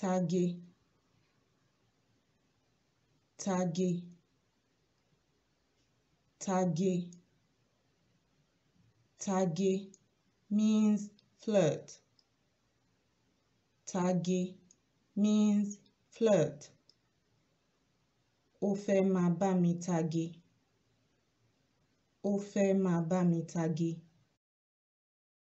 tage tage tage tage means flirt tage means flirt ó fẹ́ máa bá mi tage ó fẹ́ máa bá mi tage